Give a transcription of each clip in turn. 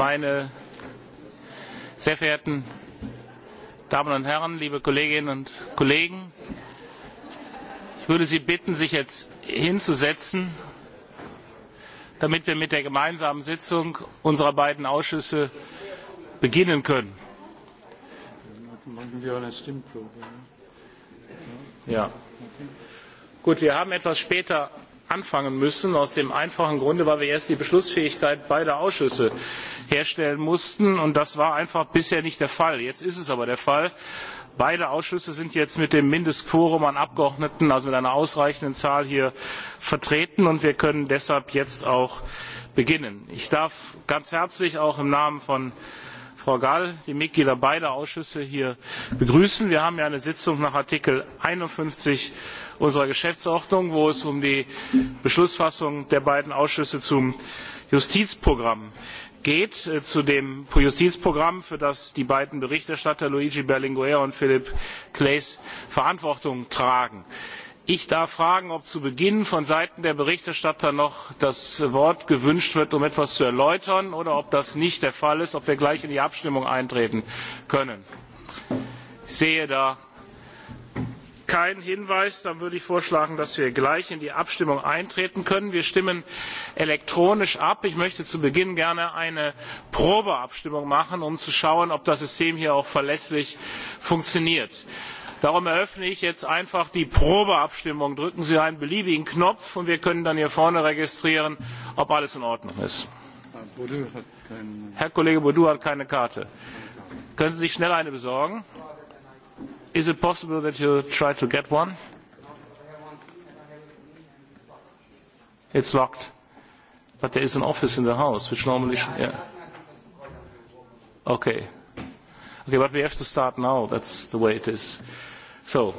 meine sehr verehrten Damen und Herren, liebe Kolleginnen und Kollegen, ich würde Sie bitten, sich jetzt hinzusetzen, damit wir mit der gemeinsamen Sitzung unserer beiden Ausschüsse beginnen können. Ja. Gut, wir haben etwas später anfangen müssen aus dem einfachen grunde weil wir erst die beschlussfähigkeit beider ausschüsse herstellen mussten. Und das war einfach bisher nicht der Fall. Jetzt ist es aber der Fall. Beide Ausschüsse sind jetzt mit dem Mindestquorum an Abgeordneten, also mit einer ausreichenden Zahl hier vertreten. Und wir können deshalb jetzt auch beginnen. Ich darf ganz herzlich auch im Namen von frau gl die mitglieder beider ausschüsse hier begrüßen. wir haben ja eine sitzung nach artikel einundfünfzig unserer geschäftsordnung wo es um die beschlussfassung der beiden ausschüsse zum justizprogramm geht äh, zu dem justizprogramm für das die beiden berichterstatter luigi berlinguer und philippe claeys verantwortung tragen. ich darf fragen ob zu beginn von seiten der berichterstatter noch das wort gewünscht wird um etwas zu erläutern oder ob das nicht der fall ist ob wir gleich in die abstimmung eintreten können. ich sehe da keinen hinweis dann würde ich vorschlagen dass wir gleich in die abstimmung eintreten können. wir stimmen elektronisch ab. ich möchte zu beginn gerne eine probeabstimmung machen um zu schauen ob das system hier auch verlässlich funktioniert. darum eröffne ich jetzt einfach die probeabstimmung. drücken sie einen beliebigen knopf und wir können dann hier vorne registrieren ob alles in ordnung ist. herr kollege bodu hat keine karte. können sie sich schnell eine besorgen? is it possible that you try to get one? It's locked. But there is an office in the house, which normally should... Yeah. Okay. Okay, but we have to start now. That's the way it is. So...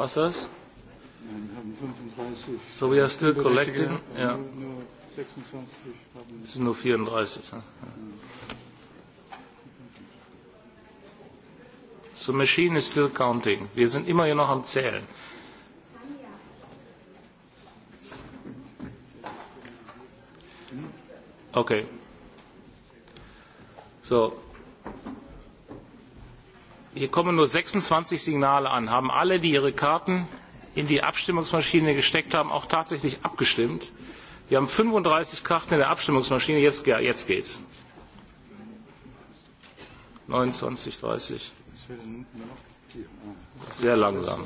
Was das? So we are still collecting. Ja. Es sind nur 34. Ne? So machine is still counting. Wir sind immer hier noch am Zählen. Hm? Okay. So, hier kommen nur sechsundzwanzig signale an haben alle die ihre karten in die abstimmungsmaschine gesteckt haben auch tatsächlich abgestimmt? wir haben fünfunddreißig karten in der abstimmungsmaschine jetzt, geht es. neunundzwanzig dreißig sehr langsam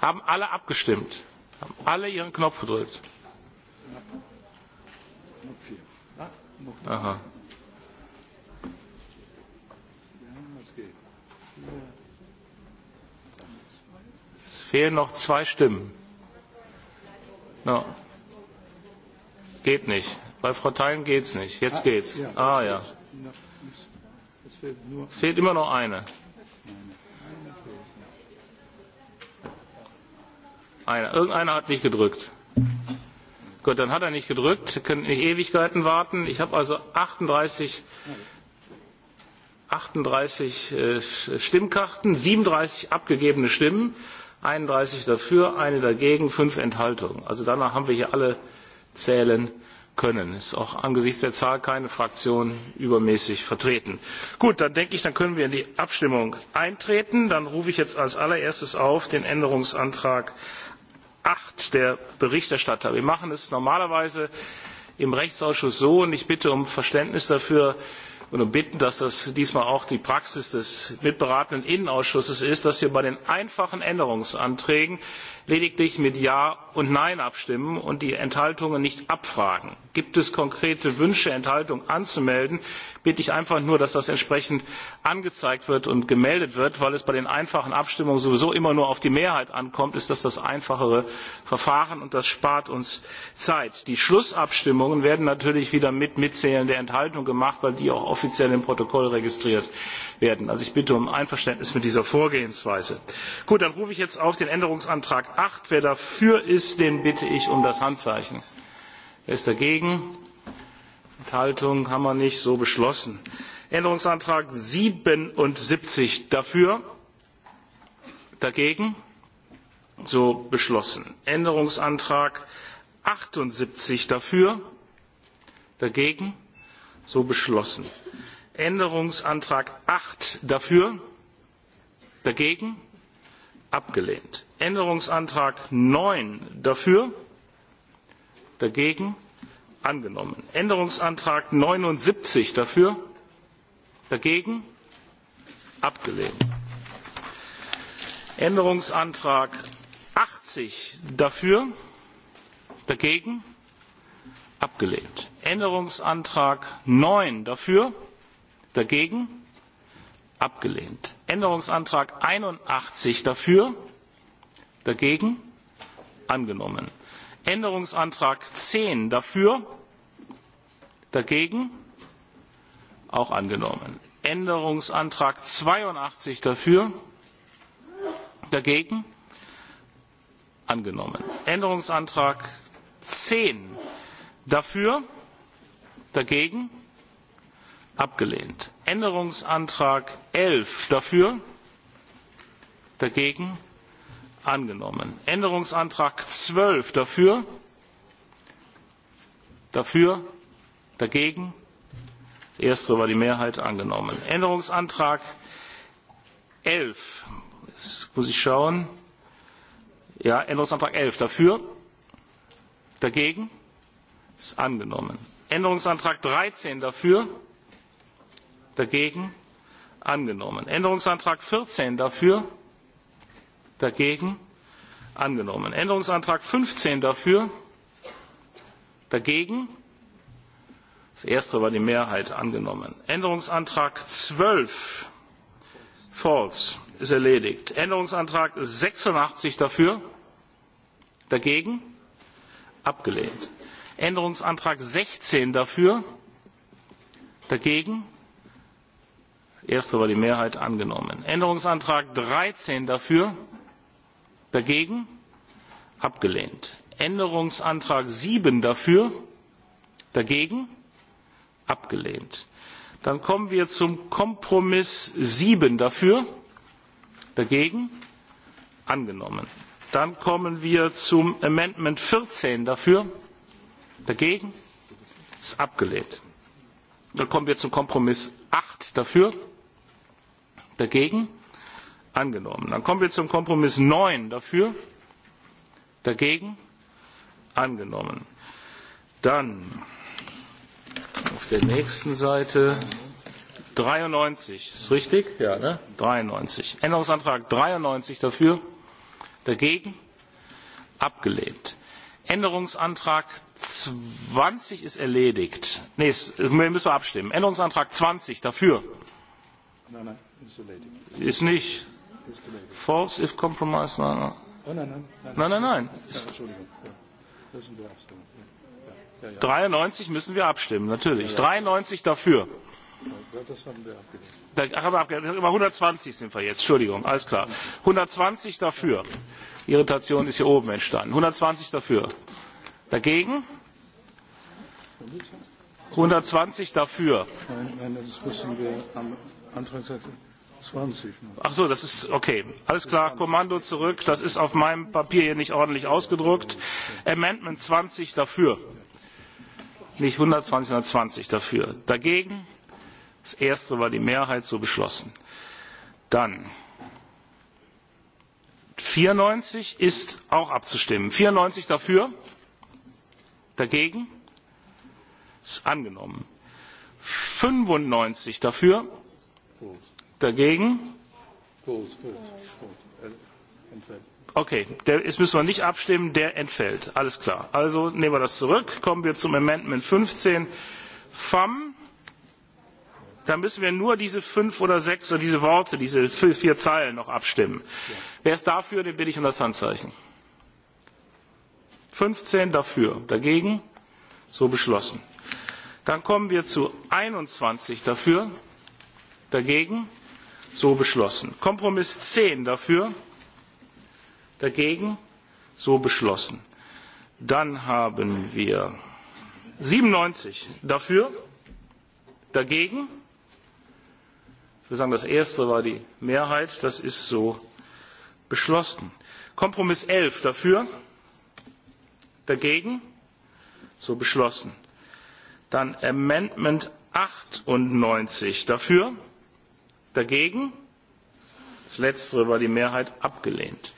haben alle abgestimmt haben alle ihren knopf gedrückt? Aha. Es fehlen noch zwei Stimmen. No. Geht nicht. Bei Frau Thein geht es nicht. Jetzt ah, geht's. Ah ja. Es fehlt immer noch eine. Einer. Irgendeiner hat nicht gedrückt. Gut, dann hat er nicht gedrückt. Sie können nicht Ewigkeiten warten. Ich habe also 38 achtunddreißig äh, stimmkarten siebenunddreißig abgegebene stimmen einunddreißig dafür eine dagegen fünf enthaltungen. also danach haben wir hier alle zählen können. es ist auch angesichts der zahl keine fraktion übermäßig vertreten. gut dann denke ich dann können wir in die abstimmung eintreten. dann rufe ich jetzt als allererstes auf den änderungsantrag acht der berichterstatter. wir machen es normalerweise im rechtsausschuss so und ich bitte um verständnis dafür und um bitten, dass das diesmal auch die Praxis des mitberatenden Innenausschusses ist, dass wir bei den einfachen Änderungsanträgen lediglich mit Ja und Nein abstimmen und die Enthaltungen nicht abfragen. Gibt es konkrete Wünsche, Enthaltungen anzumelden, bitte ich einfach nur, dass das entsprechend angezeigt und gemeldet wird, weil es bei den einfachen Abstimmungen sowieso immer nur auf die Mehrheit ankommt, ist das das einfachere Verfahren und das spart uns Zeit. Die Schlussabstimmungen werden natürlich wieder mit Mitzählen der Enthaltung gemacht, weil die auch offiziell im Protokoll registriert werden. Also ich bitte um Einverständnis mit dieser Vorgehensweise. Gut, dann rufe ich jetzt auf den Änderungsantrag acht wer dafür ist den bitte ich um das handzeichen. wer ist dagegen? enthaltung haben wir nicht so beschlossen. änderungsantrag siebenundsiebzig dafür dagegen so beschlossen; änderungsantrag achtundsiebzig dafür dagegen so beschlossen; änderungsantrag acht dafür dagegen abgelehnt; änderungsantrag neun dafür dagegen angenommen; änderungsantrag neunundsiebzig dafür dagegen abgelehnt; änderungsantrag achtzig dafür dagegen abgelehnt; änderungsantrag neun dafür dagegen abgelehnt; änderungsantrag einundachtzig dafür dagegen angenommen; änderungsantrag zehn dafür dagegen auch angenommen; änderungsantrag zweiundachtzig dafür dagegen angenommen; änderungsantrag zehn dafür dagegen abgelehnt; änderungsantrag elf dafür dagegen angenommen; änderungsantrag zwölf dafür dafür dagegen erstere war die mehrheit angenommen; änderungsantrag elf jetzt muss ich schauen ja änderungsantrag elf dafür dagegen ist angenommen; änderungsantrag dreizehn dafür dagegen angenommen; änderungsantrag vierzehn dafür dagegen angenommen; änderungsantrag fünfzehn dafür dagegen das erste war die mehrheit angenommen; änderungsantrag zwölf false ist erledigt; änderungsantrag sechsundachtzig dafür dagegen abgelehnt; änderungsantrag sechzehn dafür dagegen erste war die mehrheit angenommen; änderungsantrag dreizehn dafür dagegen abgelehnt; änderungsantrag sieben dafür dagegen abgelehnt. dann kommen wir zum kompromiss sieben dafür dagegen angenommen. dann kommen wir zum amendment vierzehn dafür dagegen ist abgelehnt. dann kommen wir zum kompromiss acht dafür dagegen angenommen. Dann kommen wir zum Kompromiss 9 dafür, dagegen angenommen. Dann auf der nächsten Seite 93, ist richtig? Ja, ne? 93. Änderungsantrag 93 dafür, dagegen abgelehnt. Änderungsantrag 20 ist erledigt. Nee, müssen wir abstimmen. Änderungsantrag 20 dafür. Nein, nein ist nicht. False if compromise. Nein, nein. Nein, nein, nein. nein. 93 müssen wir abstimmen, natürlich. 93 dafür. Das haben wir abgelehnt. Haben wir abgelehnt. Über 120 sind wir jetzt, Entschuldigung, alles klar. 120 dafür. Irritation ist hier oben entstanden. 120 dafür. Dagegen? 120 dafür. Nein, nein, das müssen wir am Antrag sagen. Ach so, das ist okay. Alles klar, Kommando zurück. Das ist auf meinem Papier hier nicht ordentlich ausgedruckt. Amendment 20 dafür. Nicht 120, sondern 20 dafür. Dagegen? Das erste war die Mehrheit so beschlossen. Dann 94 ist auch abzustimmen. 94 dafür? Dagegen? Ist angenommen. 95 dafür? Prost Dagegen? Okay, der ist, müssen wir nicht abstimmen, der entfällt. Alles klar. Also nehmen wir das zurück. Kommen wir zum Amendment 15. FAM. Da müssen wir nur diese fünf oder sechs oder diese Worte, diese vier Zeilen noch abstimmen. Wer ist dafür, den bitte ich um das Handzeichen. 15 dafür, dagegen so beschlossen. Dann kommen wir zu 21 dafür, dagegen so beschlossen. Kompromiss 10 dafür, dagegen, so beschlossen. Dann haben wir 97 dafür, dagegen. Ich würde sagen, das erste war die Mehrheit, das ist so beschlossen. Kompromiss 11 dafür, dagegen, so beschlossen. Dann Amendment 98 dafür, dagegen das letztere war die mehrheit abgelehnt;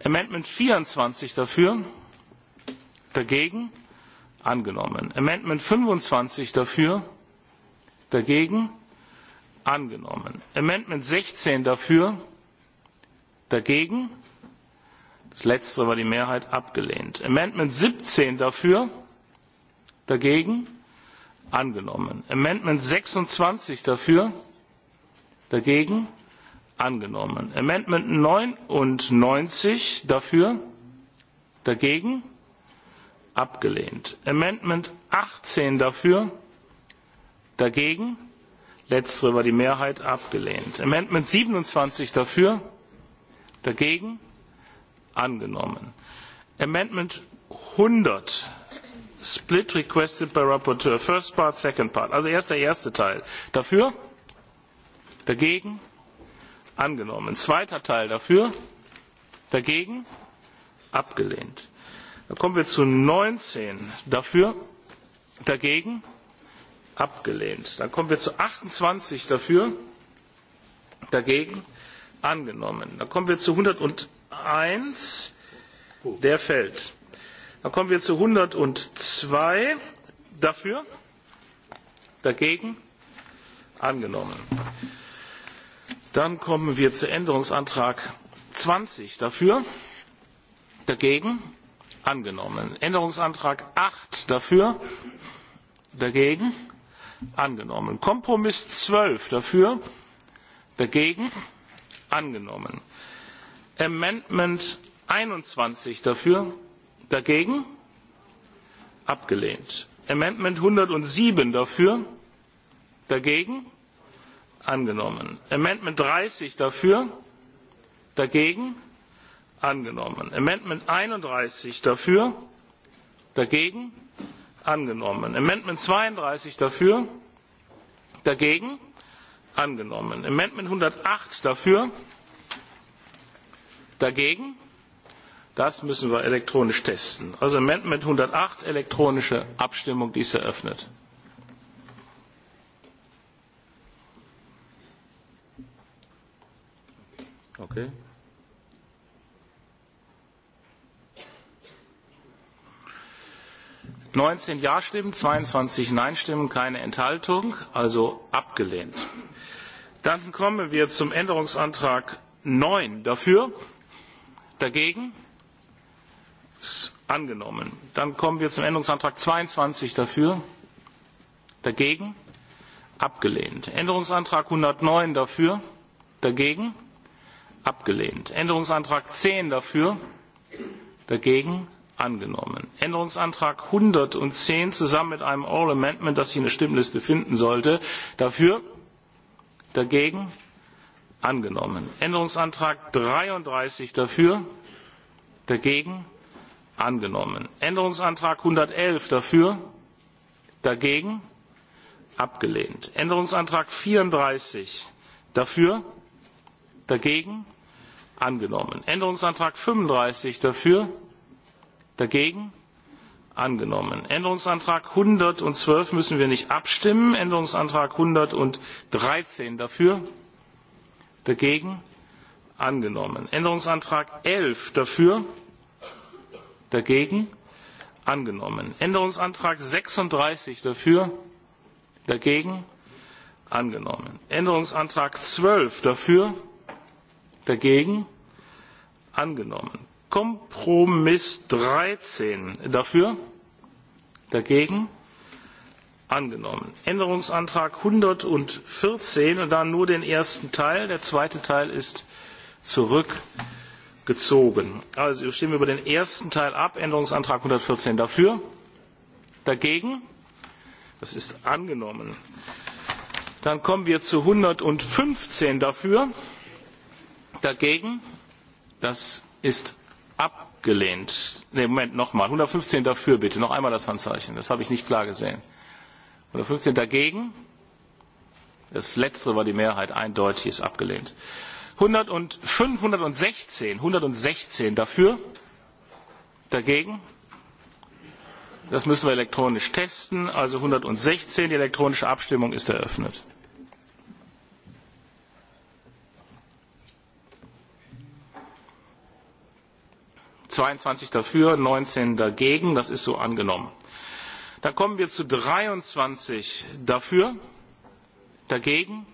änderungsantrag vierundzwanzig dafür dagegen angenommen; änderungsantrag fünfundzwanzig dafür dagegen angenommen; änderungsantrag sechzehn dafür dagegen das letztere war die mehrheit abgelehnt; änderungsantrag siebzehn dafür dagegen angenommen; änderungsantrag sechsundzwanzig dafür dagegen angenommen. Amendment 99 dafür, dagegen abgelehnt. Amendment 18 dafür, dagegen letztere war die Mehrheit abgelehnt. Amendment 27 dafür, dagegen angenommen. Amendment 100 split requested by rapporteur first part second part also erst der erste teil dafür dagegen angenommen. zweiter teil dafür dagegen abgelehnt. dann kommen wir zu neunzehn dafür dagegen abgelehnt. dann kommen wir zu achtundzwanzig dafür dagegen angenommen. dann kommen wir zu einhunderteins der fällt. dann kommen wir zu einhundertzwei dafür dagegen angenommen. Dann kommen wir zu Änderungsantrag zwanzig dafür, dagegen angenommen. Änderungsantrag acht dafür, dagegen angenommen. Kompromiss zwölf dafür, dagegen angenommen. Amendment einundzwanzig dafür, dagegen abgelehnt. Amendment einhundertsieben dafür, dagegen angenommen; amendment dreißig dafür dagegen angenommen; amendment einunddreißig dafür dagegen angenommen; amendment zweiunddreißig dafür dagegen angenommen; amendment einhundertacht dafür dagegen das müssen wir elektronisch testen. also amendment einhundertacht elektronische abstimmung die ist eröffnet. Okay. neunzehn ja stimmen 22 nein stimmen keine enthaltung also abgelehnt. dann kommen wir zum änderungsantrag 9, dafür dagegen ist angenommen. dann kommen wir zum änderungsantrag 22, dafür dagegen abgelehnt. änderungsantrag 109, dafür dagegen abgelehnt; änderungsantrag zehn dafür dagegen angenommen; änderungsantrag einhundertzehn zusammen mit einem oral amendment das sich in der stimmliste finden sollte dafür dagegen angenommen; änderungsantrag dreiunddreißig dafür dagegen angenommen; änderungsantrag einhundertelf dafür dagegen abgelehnt; änderungsantrag vierunddreißig dafür dagegen angenommen. Änderungsantrag 35 dafür, dagegen angenommen. Änderungsantrag 112 müssen wir nicht abstimmen. Änderungsantrag 113 dafür, dagegen angenommen. Änderungsantrag 11 dafür, dagegen angenommen. Änderungsantrag 36 dafür, dagegen angenommen. Änderungsantrag 12 dafür, dagegen angenommen. Kompromiss 13 dafür, dagegen angenommen. Änderungsantrag 114 und dann nur den ersten Teil. Der zweite Teil ist zurückgezogen. Also wir stimmen über den ersten Teil ab. Änderungsantrag 114 dafür, dagegen. Das ist angenommen. Dann kommen wir zu 115 dafür, dagegen Das ist abgelehnt. Ne, Moment, nochmal. 115 dafür bitte. Noch einmal das Handzeichen. Das habe ich nicht klar gesehen. 115 dagegen. Das letztere war die Mehrheit eindeutig, ist abgelehnt. 100 und 516, 116 dafür, dagegen. Das müssen wir elektronisch testen. Also 116, die elektronische Abstimmung ist eröffnet. zweiundzwanzig dafür neunzehn dagegen das ist so angenommen. dann kommen wir zu dreiundzwanzig dafür dagegen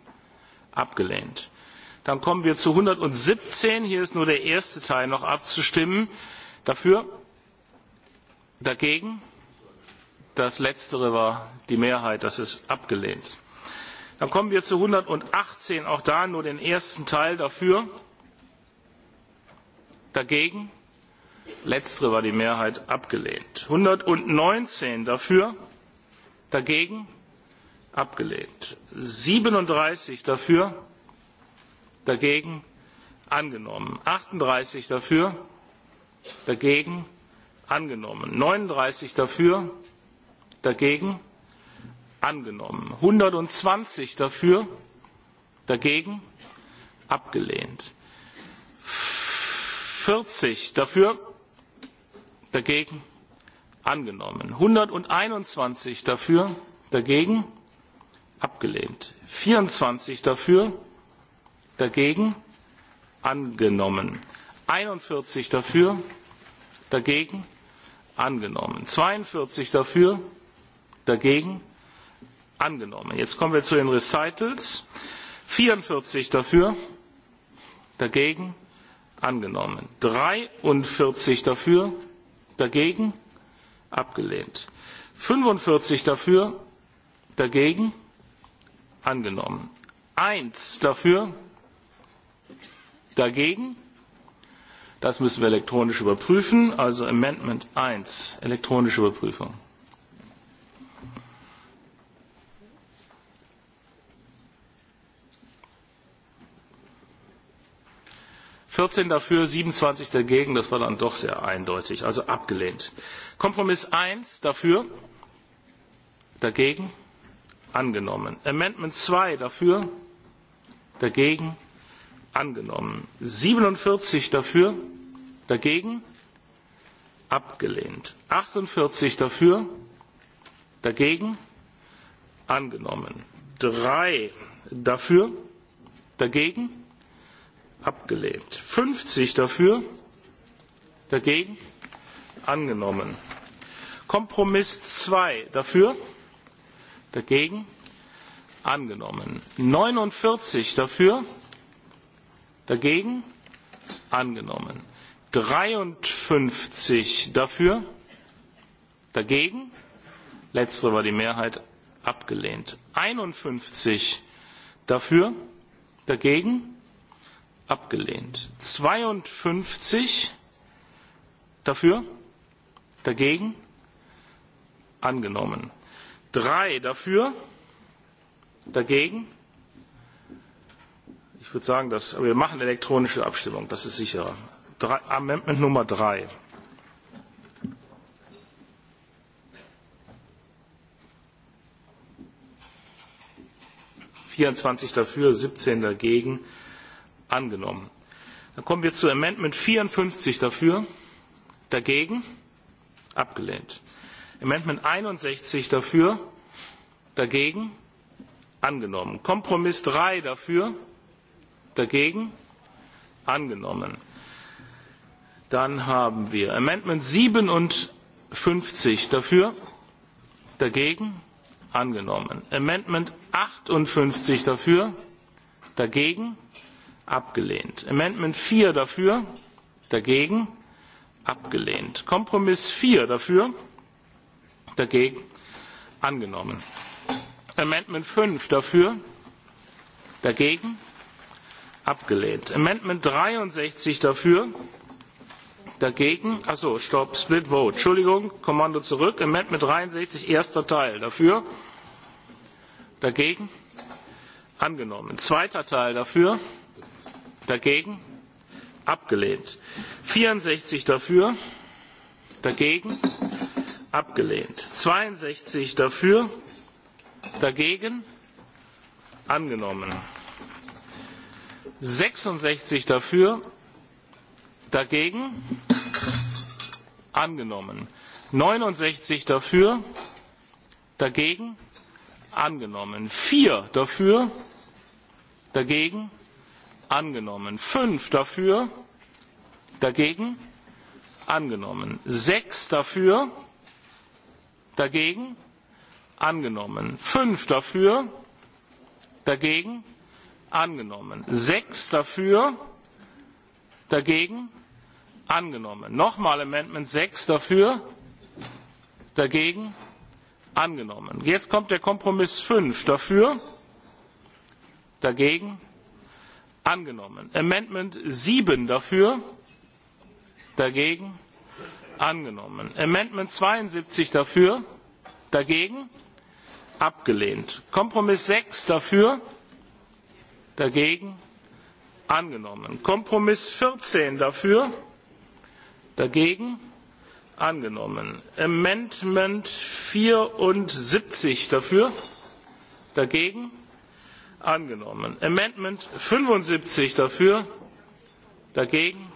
abgelehnt. dann kommen wir zu einhundertsiebzehn hier ist nur der erste teil noch abzustimmen dafür dagegen das letztere war die mehrheit das ist abgelehnt. dann kommen wir zu einhundertachtzehn auch da nur den ersten teil dafür dagegen letztere war die mehrheit abgelehnt; einhundertneunzehn dafür dagegen abgelehnt; siebenunddreißig dafür dagegen angenommen; achtunddreißig dafür dagegen angenommen; neununddreißig dafür dagegen angenommen; einhundertzwanzig dafür dagegen abgelehnt; vierzig dafür dagegen angenommen; einhunderteinundzwanzig dafür dagegen abgelehnt; vierundzwanzig dafür dagegen angenommen; einundvierzig dafür dagegen angenommen; zweiundvierzig dafür dagegen angenommen. jetzt kommen wir zu den recitals vierundvierzig dafür dagegen angenommen; dreiundvierzig dafür dagegen abgelehnt; fünfundvierzig dafür dagegen angenommen; eins dafür dagegen das müssen wir elektronisch überprüfen also änderungsantrag eins elektronische überprüfung. vierzehn dafür siebenundzwanzig dagegen das war dann doch sehr eindeutig also abgelehnt. kompromiss eins dafür dagegen angenommen; änderungsantrag zwei dafür dagegen angenommen; siebenundvierzig dafür dagegen abgelehnt; achtundvierzig dafür dagegen angenommen; drei dafür dagegen abgelehnt. 50 dafür, dagegen angenommen. Kompromiss 2 dafür, dagegen angenommen. 49 dafür, dagegen angenommen. 53 dafür, dagegen, letztere war die Mehrheit abgelehnt. 51 dafür, dagegen abgelehnt. 52 dafür, dagegen angenommen. 3 dafür, dagegen. Ich würde sagen, dass, wir machen elektronische Abstimmung, das ist sicherer. Drei, Amendment Nummer 3. vierundzwanzig dafür siebzehn dagegen angenommen. Dann kommen wir zu Amendment 54 dafür, dagegen abgelehnt. Amendment 61 dafür, dagegen angenommen. Kompromiss 3 dafür, dagegen angenommen. Dann haben wir Amendment 57 dafür, dagegen angenommen. Amendment 58 dafür, dagegen angenommen abgelehnt; amendment vier dafür dagegen abgelehnt; kompromiss vier dafür dagegen angenommen; amendment fünf dafür dagegen abgelehnt; amendment dreiundsechzig dafür dagegen achso stopp split vote entschuldigung kommando zurück amendment dreiundsechzig erster teil dafür dagegen angenommen; zweiter teil dafür dagegen abgelehnt. 64 dafür dagegen abgelehnt. 62 dafür dagegen angenommen. 66 dafür dagegen angenommen. 69 dafür dagegen angenommen. 4 dafür dagegen angenommen; fünf dafür dagegen angenommen; sechs dafür dagegen angenommen; fünf dafür dagegen angenommen; sechs dafür dagegen angenommen; nochmal amendment sechs dafür dagegen angenommen. jetzt kommt der kompromiss fünf dafür dagegen angenommen; amendment sieben dafür dagegen angenommen; amendment zweiundsiebzig dafür dagegen abgelehnt; kompromiss sechs dafür dagegen angenommen; kompromiss vierzehn dafür dagegen angenommen; amendment vierundsiebzig dafür dagegen angenommen; änderungsantrag fünfundsiebzig dafür dagegen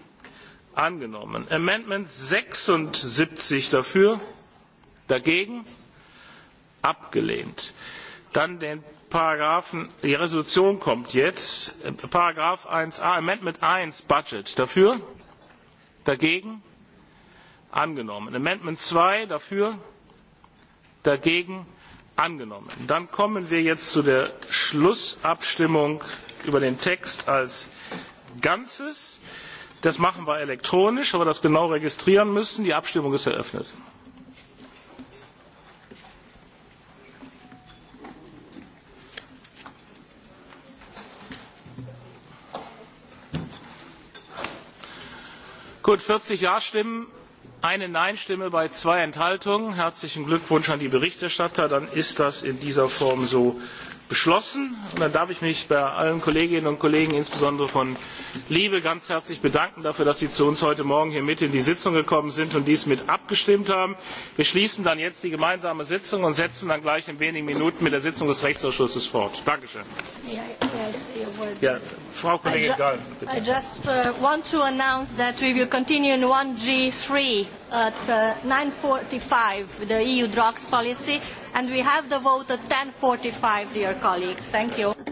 angenommen; änderungsantrag sechsundsiebzig dafür dagegen abgelehnt. dann den paragraphen die entschließung kommt jetzt paragraph eins a änderungsantrag eins budget dafür dagegen angenommen; änderungsantrag zwei dafür dagegen angenommen. dann kommen wir jetzt zu der schlussabstimmung über den text als ganzes. das machen wir elektronisch weil wir das genau registrieren müssen. die abstimmung ist eröffnet. gut vierzig ja stimmen eine nein stimme bei zwei enthaltungen. herzlichen glückwunsch an die berichterstatter dann ist das in dieser form so beschlossen. Und dann darf ich mich bei allen Kolleginnen und Kollegen, insbesondere von Liebe, ganz herzlich bedanken dafür, dass Sie zu uns heute Morgen hier mit in die Sitzung gekommen sind und dies mit abgestimmt haben. Wir schließen dann jetzt die gemeinsame Sitzung und setzen dann gleich in wenigen Minuten mit der Sitzung des Rechtsausschusses fort. Dankeschön. Ja, Frau Kollegin Gall. I just uh, want to announce that we will continue in 1G3 at uh, 9.45, the EU drugs policy, and we have the vote at 10.45, dear colleagues. Thank you.